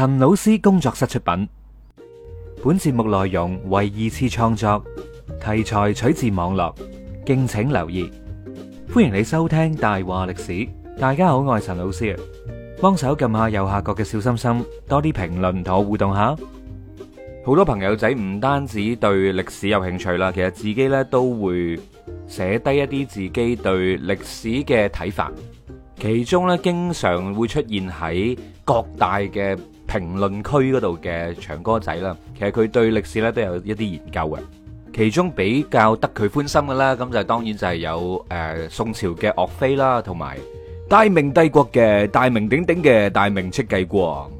陳老師工作室出品，本節目內容為二次創作，題材取自網絡，敬請留意。歡迎你收聽《大話歷史》。大家好，我係陳老師啊。幫手撳下右下角嘅小心心，多啲評論同我互動下。好多朋友仔唔單止對歷史有興趣啦，其實自己咧都會寫低一啲自己對歷史嘅睇法。其中咧，經常會出現喺各大嘅。評論區嗰度嘅長哥仔啦，其實佢對歷史咧都有一啲研究嘅，其中比較得佢歡心嘅啦，咁就當然就係有誒宋朝嘅岳飛啦，同埋大明帝國嘅大名鼎鼎嘅大明戚繼光，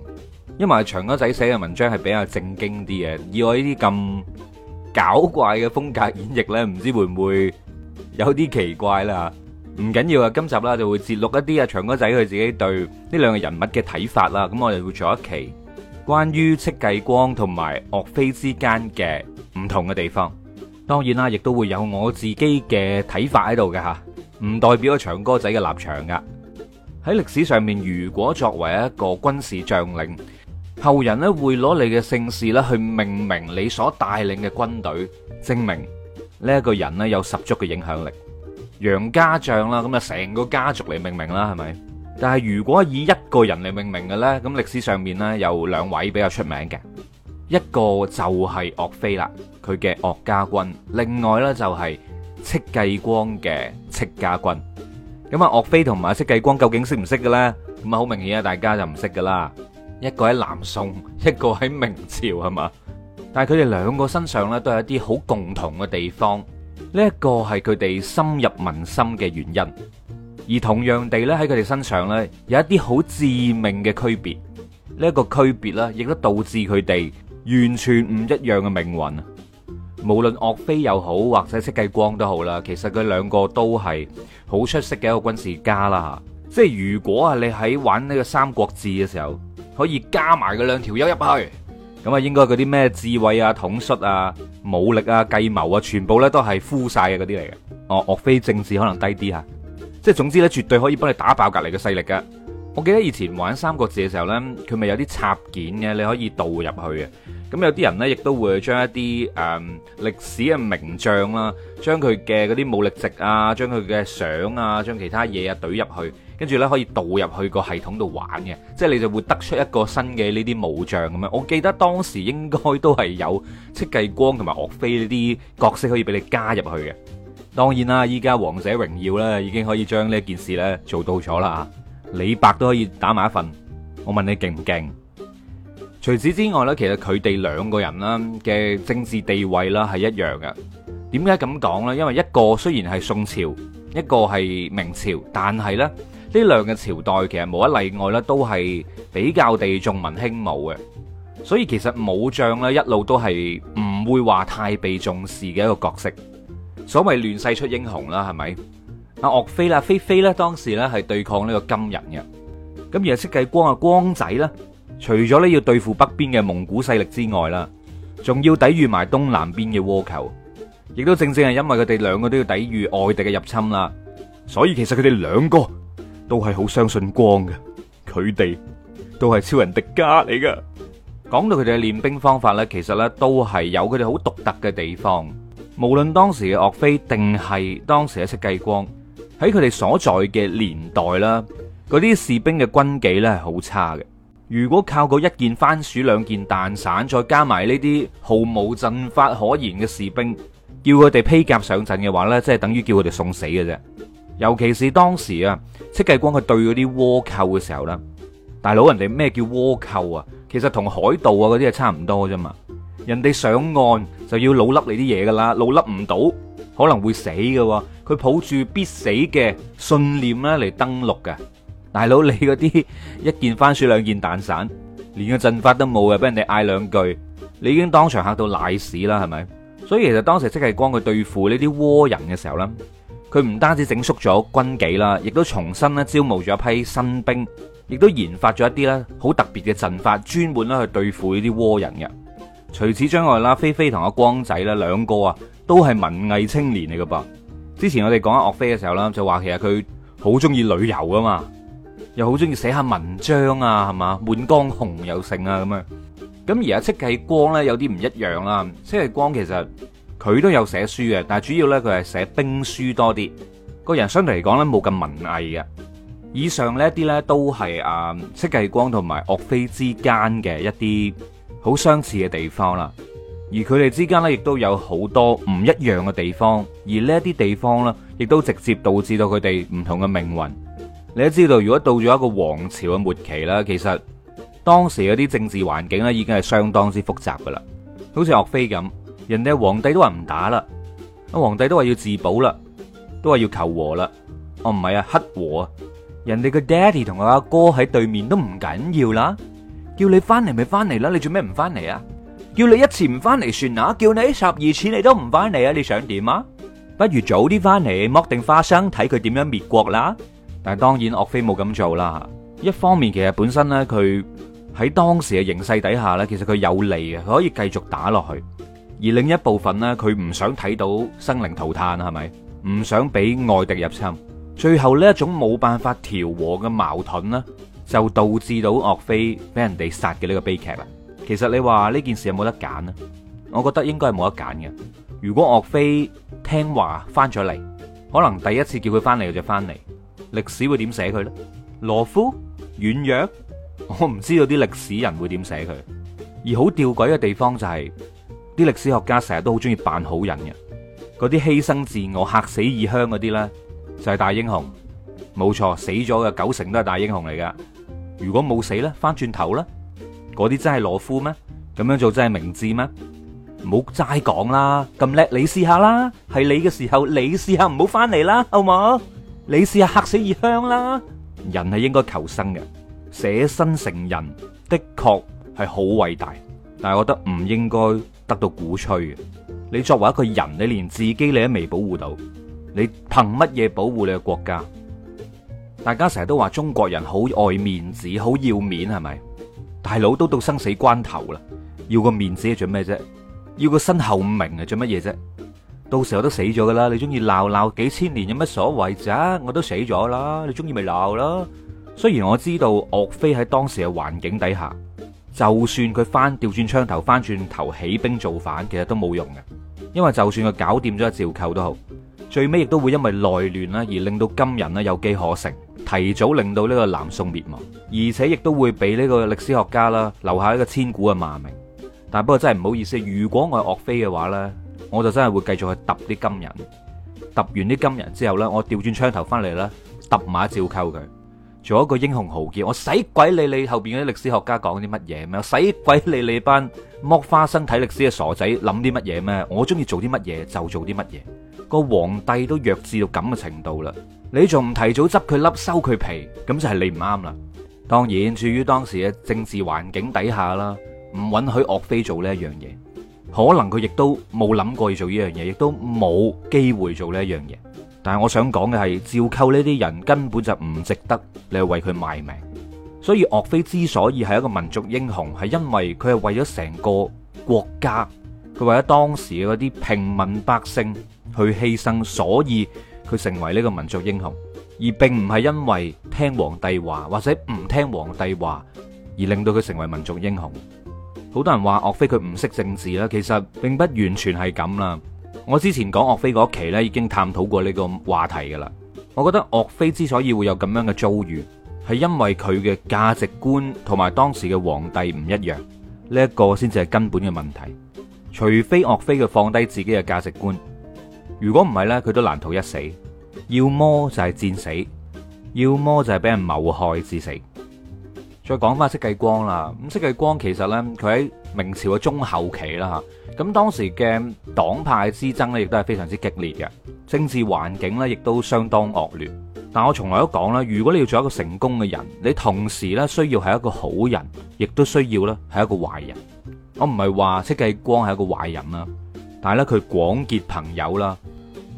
因為長哥仔寫嘅文章係比較正經啲嘅，以我呢啲咁搞怪嘅風格演繹咧，唔知會唔會有啲奇怪啦？唔緊要啊，今集啦就會節錄一啲啊，長歌仔佢自己對呢兩個人物嘅睇法啦。咁我哋會做一期關於戚繼光同埋岳飛之間嘅唔同嘅地方。當然啦，亦都會有我自己嘅睇法喺度嘅吓，唔代表阿長歌仔嘅立場噶。喺歷史上面，如果作為一個軍事將領，後人咧會攞你嘅姓氏咧去命名你所帶領嘅軍隊，證明呢一個人咧有十足嘅影響力。楊家將啦，咁啊成個家族嚟命名啦，係咪？但係如果以一個人嚟命名嘅咧，咁歷史上面咧有兩位比較出名嘅，一個就係岳飛啦，佢嘅岳家軍；另外咧就係戚繼光嘅戚家軍。咁啊，岳飛同埋啊戚繼光究竟識唔識嘅咧？咁啊好明顯啊，大家就唔識噶啦，一個喺南宋，一個喺明朝係嘛。但係佢哋兩個身上咧都有一啲好共同嘅地方。呢一個係佢哋深入民心嘅原因，而同樣地咧喺佢哋身上咧有一啲好致命嘅區別，呢一個區別咧亦都導致佢哋完全唔一樣嘅命運。無論岳飛又好或者戚繼光都好啦，其實佢兩個都係好出色嘅一個軍事家啦。即係如果係你喺玩呢個三國志嘅時候，可以加埋嗰兩條友入去。咁啊，應該嗰啲咩智慧啊、統率啊、武力啊、計謀啊，全部呢都係枯晒嘅嗰啲嚟嘅。哦，岳飛政治可能低啲吓，即係總之呢，絕對可以幫你打爆隔離嘅勢力噶。我記得以前玩《三國志》嘅時候呢，佢咪有啲插件嘅，你可以導入去嘅。咁有啲人呢，亦都會將一啲誒、嗯、歷史嘅名將啦，將佢嘅嗰啲武力值啊，將佢嘅相啊，將其他嘢啊，懟入去。跟住呢，可以導入去個系統度玩嘅，即係你就會得出一個新嘅呢啲武將咁樣。我記得當時應該都係有戚繼光同埋岳飛呢啲角色可以俾你加入去嘅。當然啦，依家《王者榮耀》呢已經可以將呢一件事呢做到咗啦。李白都可以打埋一份，我問你勁唔勁？除此之外呢，其實佢哋兩個人啦嘅政治地位啦係一樣嘅。點解咁講呢？因為一個雖然係宋朝，一個係明朝，但係呢。呢兩個朝代其實冇一例外咧，都係比較地重文輕武嘅，所以其實武將咧一路都係唔會話太被重視嘅一個角色。所謂亂世出英雄啦，係咪？阿岳飛啦，飛飛咧當時咧係對抗呢個金人嘅。咁而阿戚繼光阿光仔咧，除咗咧要對付北邊嘅蒙古勢力之外啦，仲要抵禦埋東南邊嘅倭寇。亦都正正係因為佢哋兩個都要抵禦外敵嘅入侵啦，所以其實佢哋兩個。都係好相信光嘅，佢哋都係超人迪迦嚟噶。講到佢哋嘅練兵方法呢，其實呢都係有佢哋好獨特嘅地方。無論當時嘅岳飛定係當時嘅戚繼光，喺佢哋所在嘅年代啦，嗰啲士兵嘅軍紀呢係好差嘅。如果靠嗰一件番薯兩件蛋散，再加埋呢啲毫無陣法可言嘅士兵，叫佢哋披甲上陣嘅話呢，即係等於叫佢哋送死嘅啫。尤其是當時啊，戚繼光佢對嗰啲倭寇嘅時候啦，大佬人哋咩叫倭寇啊？其實同海盜啊嗰啲係差唔多嘅啫嘛。人哋上岸就要老笠你啲嘢噶啦，老笠唔到可能會死嘅喎。佢抱住必死嘅信念咧嚟登陸嘅。大佬你嗰啲一件番薯兩件蛋散，連個陣法都冇嘅，俾人哋嗌兩句，你已經當場嚇到瀨屎啦，係咪？所以其實當時戚繼光佢對付呢啲倭人嘅時候咧。佢唔單止整肅咗軍紀啦，亦都重新咧招募咗一批新兵，亦都研發咗一啲咧好特別嘅陣法，專門咧去對付呢啲倭人嘅。除此之外啦，菲菲同阿光仔啦，兩個啊都係文藝青年嚟噶噃。之前我哋講阿岳飛嘅時候啦，就話其實佢好中意旅遊啊嘛，又好中意寫下文章啊，係嘛，滿江紅又盛啊咁樣。咁而家戚繼光咧有啲唔一樣啦，戚繼光其實。佢都有寫書嘅，但係主要呢，佢係寫兵書多啲。個人相對嚟講呢冇咁文藝嘅。以上呢一啲呢，都係啊戚繼光同埋岳飛之間嘅一啲好相似嘅地方啦。而佢哋之間呢，亦都有好多唔一樣嘅地方，而呢一啲地方呢，亦都直接導致到佢哋唔同嘅命運。你都知道，如果到咗一個王朝嘅末期啦，其實當時嗰啲政治環境呢，已經係相當之複雜噶啦，好似岳飛咁。人哋皇帝都話唔打啦，阿皇帝都話要自保啦，都話要求和啦。哦，唔係啊，乞和啊！人哋個爹哋同佢阿哥喺對面都唔緊要啦，叫你翻嚟咪翻嚟啦，你做咩唔翻嚟啊？叫你一次唔翻嚟算啊，叫你十二次你都唔翻嚟啊？你想點啊？不如早啲翻嚟剝定花生，睇佢點樣滅國啦。但係當然岳飛冇咁做啦。一方面其實本身咧，佢喺當時嘅形勢底下咧，其實佢有利嘅，佢可以繼續打落去。而另一部分呢，佢唔想睇到生靈塗炭啊，係咪？唔想俾外敵入侵。最後呢一種冇辦法調和嘅矛盾呢，就導致到岳飛俾人哋殺嘅呢個悲劇啦。其實你話呢件事有冇得揀咧？我覺得應該係冇得揀嘅。如果岳飛聽話翻咗嚟，可能第一次叫佢翻嚟佢就翻嚟，歷史會點寫佢呢？懦夫軟弱？我唔知道啲歷史人會點寫佢。而好弔詭嘅地方就係、是。啲歷史學家成日都好中意扮好人嘅，嗰啲犧牲自我嚇、吓死異鄉嗰啲咧就係、是、大英雄，冇錯，死咗嘅九成都係大英雄嚟㗎。如果冇死咧，返轉頭啦，嗰啲真係懦夫咩？咁樣做真係明智咩？唔好齋講啦，咁叻你試下啦，係你嘅時候你試下，唔好返嚟啦，好冇？你試下吓死異鄉啦，人係應該求生嘅，捨身成仁的確係好偉大，但係我覺得唔應該。得到鼓吹嘅，你作為一個人，你連自己你都未保護到，你憑乜嘢保護你嘅國家？大家成日都話中國人好愛面子，好要面係咪？大佬都到生死關頭啦，要個面子係做咩啫？要個身後名係做乜嘢啫？到時候都死咗噶啦，你中意鬧鬧幾千年有乜所謂啫？我都死咗啦，你中意咪鬧咯？雖然我知道岳飛喺當時嘅環境底下。就算佢翻調轉槍頭翻轉頭起兵造反，其實都冇用嘅，因為就算佢搞掂咗個趙構都好，最尾亦都會因為內亂啦而令到金人啦有機可乘，提早令到呢個南宋滅亡，而且亦都會俾呢個歷史學家啦留下一個千古嘅罵名。但不過真係唔好意思，如果我係岳飛嘅話呢，我就真係會繼續去揼啲金人，揼完啲金人之後呢，我調轉槍頭翻嚟咧，揼馬趙構佢。做一個英雄豪傑，我使鬼理你後邊嗰啲歷史學家講啲乜嘢咩？我使鬼理你班剝花生睇歷史嘅傻仔諗啲乜嘢咩？我中意做啲乜嘢就做啲乜嘢。個皇帝都弱智到咁嘅程度啦，你仲唔提早執佢粒收佢皮，咁就係你唔啱啦。當然，處於當時嘅政治環境底下啦，唔允許岳飛做呢一樣嘢。可能佢亦都冇諗過要做呢樣嘢，亦都冇機會做呢一樣嘢。但係我想講嘅係，趙構呢啲人根本就唔值得你去為佢賣命。所以岳飛之所以係一個民族英雄，係因為佢係為咗成個國家，佢為咗當時嗰啲平民百姓去犧牲，所以佢成為呢個民族英雄，而並唔係因為聽皇帝話或者唔聽皇帝話而令到佢成為民族英雄。好多人話岳飛佢唔識政治啦，其實並不完全係咁啦。我之前講岳飛嗰期咧，已經探討過呢個話題噶啦。我覺得岳飛之所以會有咁樣嘅遭遇，係因為佢嘅價值觀同埋當時嘅皇帝唔一樣，呢一個先至係根本嘅問題。除非岳飛佢放低自己嘅價值觀，如果唔係呢，佢都難逃一死。要麼就係戰死，要麼就係俾人謀害致死。再講翻戚繼光啦，咁戚繼光其實呢，佢喺明朝嘅中後期啦嚇，咁當時嘅黨派之爭呢，亦都係非常之激烈嘅，政治環境呢，亦都相當惡劣。但我從來都講啦，如果你要做一個成功嘅人，你同時呢，需要係一個好人，亦都需要呢係一個壞人。我唔係話戚繼光係一個壞人啊，但係咧佢廣結朋友啦，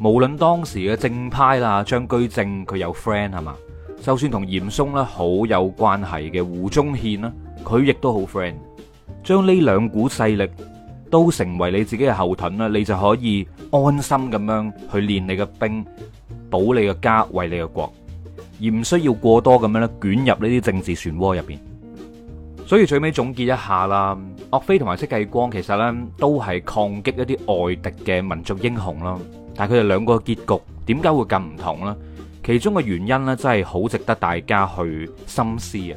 無論當時嘅正派啦，張居正佢有 friend 係嘛。就算同嚴嵩咧好有關係嘅胡宗憲啦，佢亦都好 friend，將呢兩股勢力都成為你自己嘅後盾啦，你就可以安心咁樣去練你嘅兵，保你嘅家，衛你嘅國，而唔需要過多咁樣咧捲入呢啲政治漩渦入邊。所以最尾總結一下啦，岳飛同埋戚繼光其實咧都係抗擊一啲外敵嘅民族英雄啦，但係佢哋兩個嘅結局點解會咁唔同呢？其中嘅原因咧，真係好值得大家去深思啊！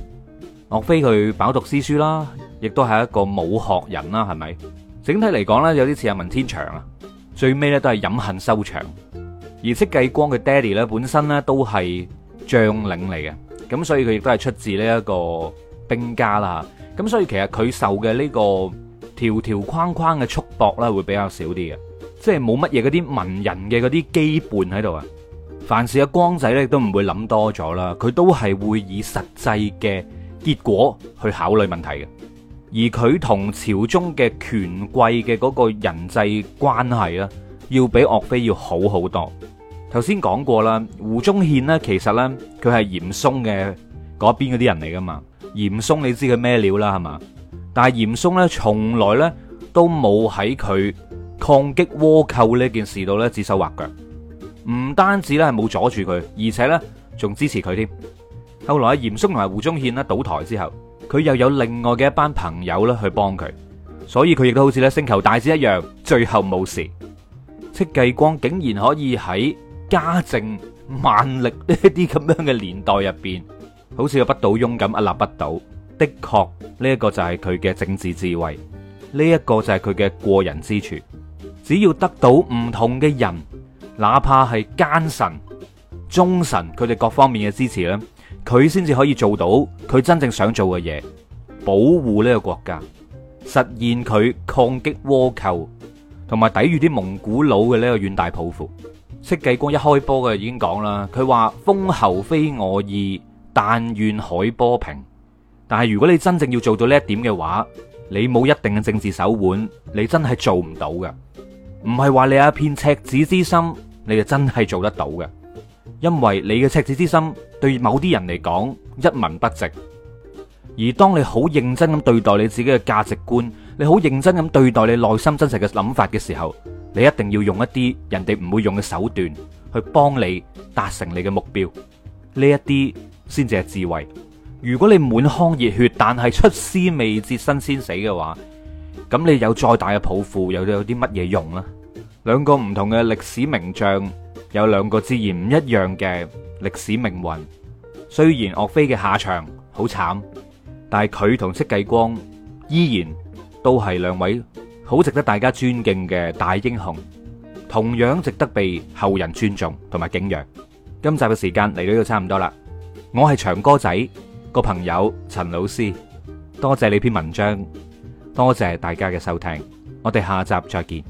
岳飛佢飽讀詩書啦，亦都係一個武學人啦，係咪？整體嚟講咧，有啲似阿文天祥啊。最尾咧都係飲恨收場。而戚繼光嘅爹哋咧，本身咧都係將領嚟嘅，咁所以佢亦都係出自呢一個兵家啦。咁所以其實佢受嘅呢個條條框框嘅束縛咧，會比較少啲嘅，即係冇乜嘢嗰啲文人嘅嗰啲羈絆喺度啊。凡事阿光仔咧都唔會諗多咗啦，佢都係會以實際嘅結果去考慮問題嘅。而佢同朝中嘅權貴嘅嗰個人際關係咧，要比岳飛要好好多。頭先講過啦，胡宗憲呢其實呢，佢係嚴嵩嘅嗰邊嗰啲人嚟噶嘛，嚴嵩你知佢咩料啦係嘛？但係嚴嵩呢，從來呢都冇喺佢抗擊倭寇呢件事度咧指手畫腳。唔單止咧係冇阻住佢，而且呢仲支持佢添。後來啊，嚴嵩同埋胡宗憲啦倒台之後，佢又有另外嘅一班朋友啦去幫佢，所以佢亦都好似咧星球大使一樣，最後冇事。戚繼光竟然可以喺嘉靖萬曆呢啲咁樣嘅年代入邊，好似個不倒翁咁屹立不倒。的確，呢一個就係佢嘅政治智慧，呢一個就係佢嘅過人之處。只要得到唔同嘅人。哪怕係奸臣，忠臣，佢哋各方面嘅支持呢，佢先至可以做到佢真正想做嘅嘢，保護呢個國家，實現佢抗擊倭寇同埋抵禦啲蒙古佬嘅呢個遠大抱負。戚繼光一開波嘅已經講啦，佢話封侯非我意，但願海波平。但係如果你真正要做到呢一點嘅話，你冇一定嘅政治手腕，你真係做唔到嘅。唔係話你有一片赤子之心，你就真係做得到嘅，因為你嘅赤子之心對某啲人嚟講一文不值。而當你好認真咁對待你自己嘅價值觀，你好認真咁對待你內心真實嘅諗法嘅時候，你一定要用一啲人哋唔會用嘅手段去幫你達成你嘅目標，呢一啲先至係智慧。如果你滿腔熱血，但係出師未捷身先死嘅話，咁你有再大嘅抱負，又有啲乜嘢用呢？兩個唔同嘅歷史名將，有兩個自然唔一樣嘅歷史命運。雖然岳飛嘅下場好慘，但係佢同戚繼光依然都係兩位好值得大家尊敬嘅大英雄，同樣值得被後人尊重同埋敬仰。今集嘅時間嚟到呢度差唔多啦，我係長哥仔個朋友陳老師，多謝你篇文章，多謝大家嘅收聽，我哋下集再見。